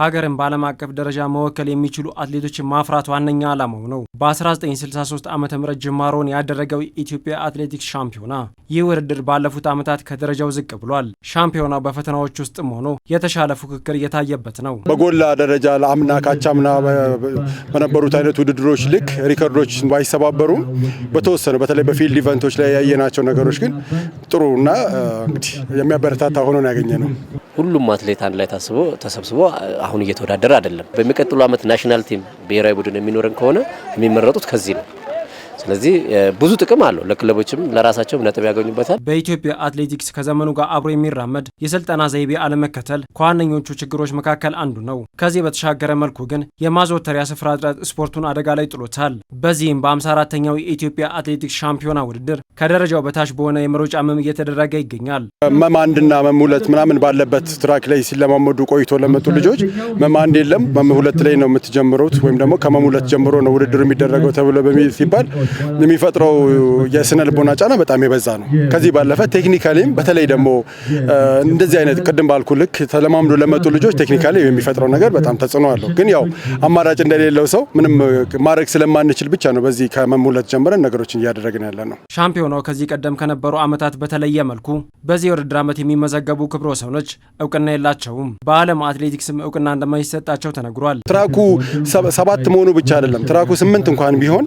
ሀገርን በዓለም አቀፍ ደረጃ መወከል የሚችሉ አትሌቶችን ማፍራት ዋነኛ ዓላማው ነው። በ1963 ዓ ም ጅማሮን ያደረገው የኢትዮጵያ አትሌቲክስ ሻምፒዮና ይህ ውድድር ባለፉት ዓመታት ከደረጃው ዝቅ ብሏል። ሻምፒዮናው በፈተናዎች ውስጥም ሆኖ የተሻለ ፉክክር እየታየበት ነው። በጎላ ደረጃ ለአምና ካቻምና በነበሩት አይነት ውድድሮች ልክ ሪከርዶች ባይሰባበሩም በተወሰኑ በተለይ በፊልድ ኢቨንቶች ላይ ያየናቸው ነገሮች ግን ጥሩ እና እንግዲህ የሚያበረታታ ሆኖ ነው ያገኘ ነው። ሁሉም አትሌት አንድ ላይ ታስቦ ተሰብስቦ አሁን እየተወዳደረ አይደለም። በሚቀጥሉ ዓመት ናሽናል ቲም ብሔራዊ ቡድን የሚኖረን ከሆነ የሚመረጡት ከዚህ ነው። ስለዚህ ብዙ ጥቅም አለው። ለክለቦችም ለራሳቸውም ነጥብ ያገኙበታል። በኢትዮጵያ አትሌቲክስ ከዘመኑ ጋር አብሮ የሚራመድ የስልጠና ዘይቤ አለመከተል ከዋነኞቹ ችግሮች መካከል አንዱ ነው። ከዚህ በተሻገረ መልኩ ግን የማዘወተሪያ ስፍራ እጥረት ስፖርቱን አደጋ ላይ ጥሎታል። በዚህም በ54ኛው የኢትዮጵያ አትሌቲክስ ሻምፒዮና ውድድር ከደረጃው በታች በሆነ የመሮጫ መም እየተደረገ ይገኛል። መም አንድና መም ሁለት ምናምን ባለበት ትራክ ላይ ሲለማመዱ ቆይቶ ለመጡ ልጆች መም አንድ የለም መም ሁለት ላይ ነው የምትጀምሩት ወይም ደግሞ ከመም ሁለት ጀምሮ ነው ውድድሩ የሚደረገው ተብሎ በሚል ሲባል የሚፈጥረው የስነ ልቦና ጫና በጣም የበዛ ነው። ከዚህ ባለፈ ቴክኒካሊም በተለይ ደግሞ እንደዚህ አይነት ቅድም ባልኩ ልክ ተለማምዶ ለመጡ ልጆች ቴክኒካሊ የሚፈጥረው ነገር በጣም ተጽዕኖ አለው። ግን ያው አማራጭ እንደሌለው ሰው ምንም ማድረግ ስለማንችል ብቻ ነው በዚህ ከመሙለት ጀምረን ነገሮችን እያደረግን ያለ ነው። ሻምፒዮናው ከዚህ ቀደም ከነበሩ ዓመታት በተለየ መልኩ በዚህ የውድድር ዓመት የሚመዘገቡ ክብረ ወሰኖች እውቅና የላቸውም። በዓለም አትሌቲክስም እውቅና እንደማይሰጣቸው ተነግሯል። ትራኩ ሰባት መሆኑ ብቻ አይደለም ትራኩ ስምንት እንኳን ቢሆን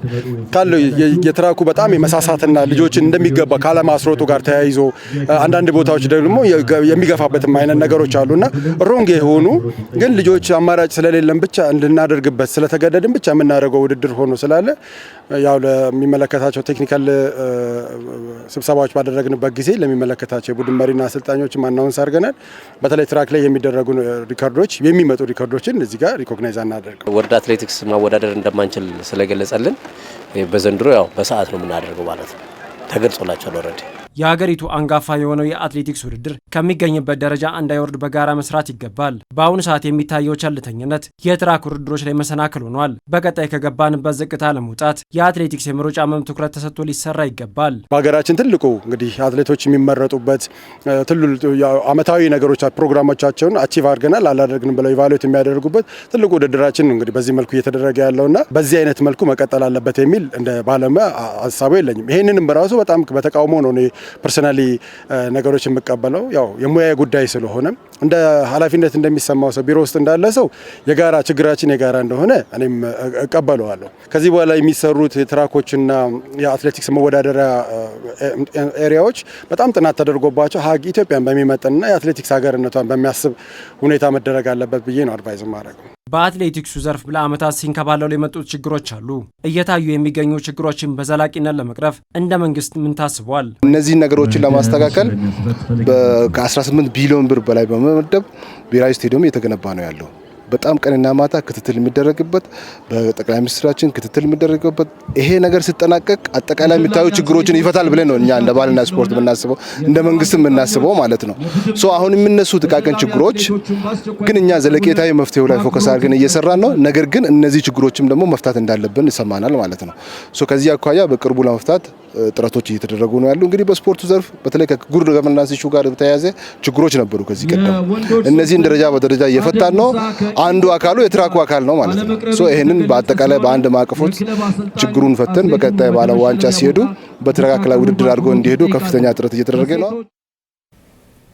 ካለው የትራኩ በጣም የመሳሳትና ልጆችን እንደሚገባ ካለማስሮጡ ጋር ተያይዞ አንዳንድ ቦታዎች ደግሞ የሚገፋበትም አይነት ነገሮች አሉና ሮንግ የሆኑ ግን ልጆች አማራጭ ስለሌለን ብቻ እንድናደርግበት ስለተገደድን ብቻ የምናደርገው ውድድር ሆኖ ስላለ ያው ለሚመለከታቸው ቴክኒካል ስብሰባዎች ባደረግንበት ጊዜ ለሚመለከታቸው የቡድን መሪና አሰልጣኞች አናውንስ አድርገናል። በተለይ ትራክ ላይ የሚደረጉ ሪከርዶች የሚመጡ ሪከርዶችን እዚህ ጋር ሪኮግናይዝ አናደርግ ወርልድ አትሌቲክስ ማወዳደር እንደማንችል ስለገለጸልን በዘንድሮ ያው በሰዓት ነው የምናደርገው ማለት ነው። ተገልጾላቸዋል ኦልሬዲ የሀገሪቱ አንጋፋ የሆነው የአትሌቲክስ ውድድር ከሚገኝበት ደረጃ እንዳይወርድ በጋራ መስራት ይገባል። በአሁኑ ሰዓት የሚታየው ቸልተኝነት የትራክ ውድድሮች ላይ መሰናክል ሆኗል። በቀጣይ ከገባንበት ዝቅታ ለመውጣት የአትሌቲክስ የመሮጫ መም ትኩረት ተሰጥቶ ሊሰራ ይገባል። በሀገራችን ትልቁ እንግዲህ አትሌቶች የሚመረጡበት አመታዊ ነገሮች ፕሮግራሞቻቸውን አቺቭ አድርገናል አላደርግንም ብለው ኢቫሉዌት የሚያደርጉበት ትልቁ ውድድራችን እንግዲህ በዚህ መልኩ እየተደረገ ያለውና በዚህ አይነት መልኩ መቀጠል አለበት የሚል እንደ ባለሙያ ሀሳቡ የለኝም። ይህንንም በራሱ በጣም በተቃውሞ ነው ፐርሰናሊ uh, ነገሮች የምቀበለው ያው የሙያ ጉዳይ ስለሆነ እንደ ኃላፊነት እንደሚሰማው ሰው ቢሮ ውስጥ እንዳለ ሰው የጋራ ችግራችን የጋራ እንደሆነ እኔም እቀበለዋለሁ። ከዚህ በኋላ የሚሰሩት ትራኮችና የአትሌቲክስ መወዳደሪያ uh, ኤሪያዎች በጣም ጥናት ተደርጎባቸው ሀግ ኢትዮጵያን በሚመጥንና የአትሌቲክስ ሀገርነቷን በሚያስብ ሁኔታ መደረግ አለበት ብዬ ነው አድቫይዝ ማድረግ። በአትሌቲክሱ ዘርፍ ለዓመታት ሲንከባለሉ የመጡት ችግሮች አሉ። እየታዩ የሚገኙ ችግሮችን በዘላቂነት ለመቅረፍ እንደ መንግስት ምን ታስቧል? እነዚህን ነገሮችን ለማስተካከል ከ18 ቢሊዮን ብር በላይ በመመደብ ብሔራዊ ስቴዲየም እየተገነባ ነው ያለው። በጣም ቀንና ማታ ክትትል የሚደረግበት በጠቅላይ ሚኒስትራችን ክትትል የሚደረግበት ይሄ ነገር ሲጠናቀቅ አጠቃላይ የሚታዩ ችግሮችን ይፈታል ብለን ነው እኛ እንደ ባህልና ስፖርት የምናስበው እንደ መንግስትም የምናስበው ማለት ነው። ሶ አሁን የሚነሱ ጥቃቅን ችግሮች ግን እኛ ዘለቄታዊ መፍትሄው ላይ ፎከስ አድርገን እየሰራን ነው። ነገር ግን እነዚህ ችግሮችም ደግሞ መፍታት እንዳለብን ይሰማናል ማለት ነው። ሶ ከዚህ አኳያ በቅርቡ ለመፍታት ጥረቶች እየተደረጉ ነው ያሉ። እንግዲህ በስፖርቱ ዘርፍ በተለይ ከጉድ ገቨርናንስ ኢሹ ጋር በተያያዘ ችግሮች ነበሩ ከዚህ ቀደም። እነዚህን ደረጃ በደረጃ እየፈታን ነው። አንዱ አካሉ የትራኩ አካል ነው ማለት ነው። ይህንን በአጠቃላይ በአንድ ማዕቀፎች ችግሩን ፈተን በቀጣይ ባለ ዋንጫ ሲሄዱ በተረካከለ ውድድር አድርጎ እንዲሄዱ ከፍተኛ ጥረት እየተደረገ ነው።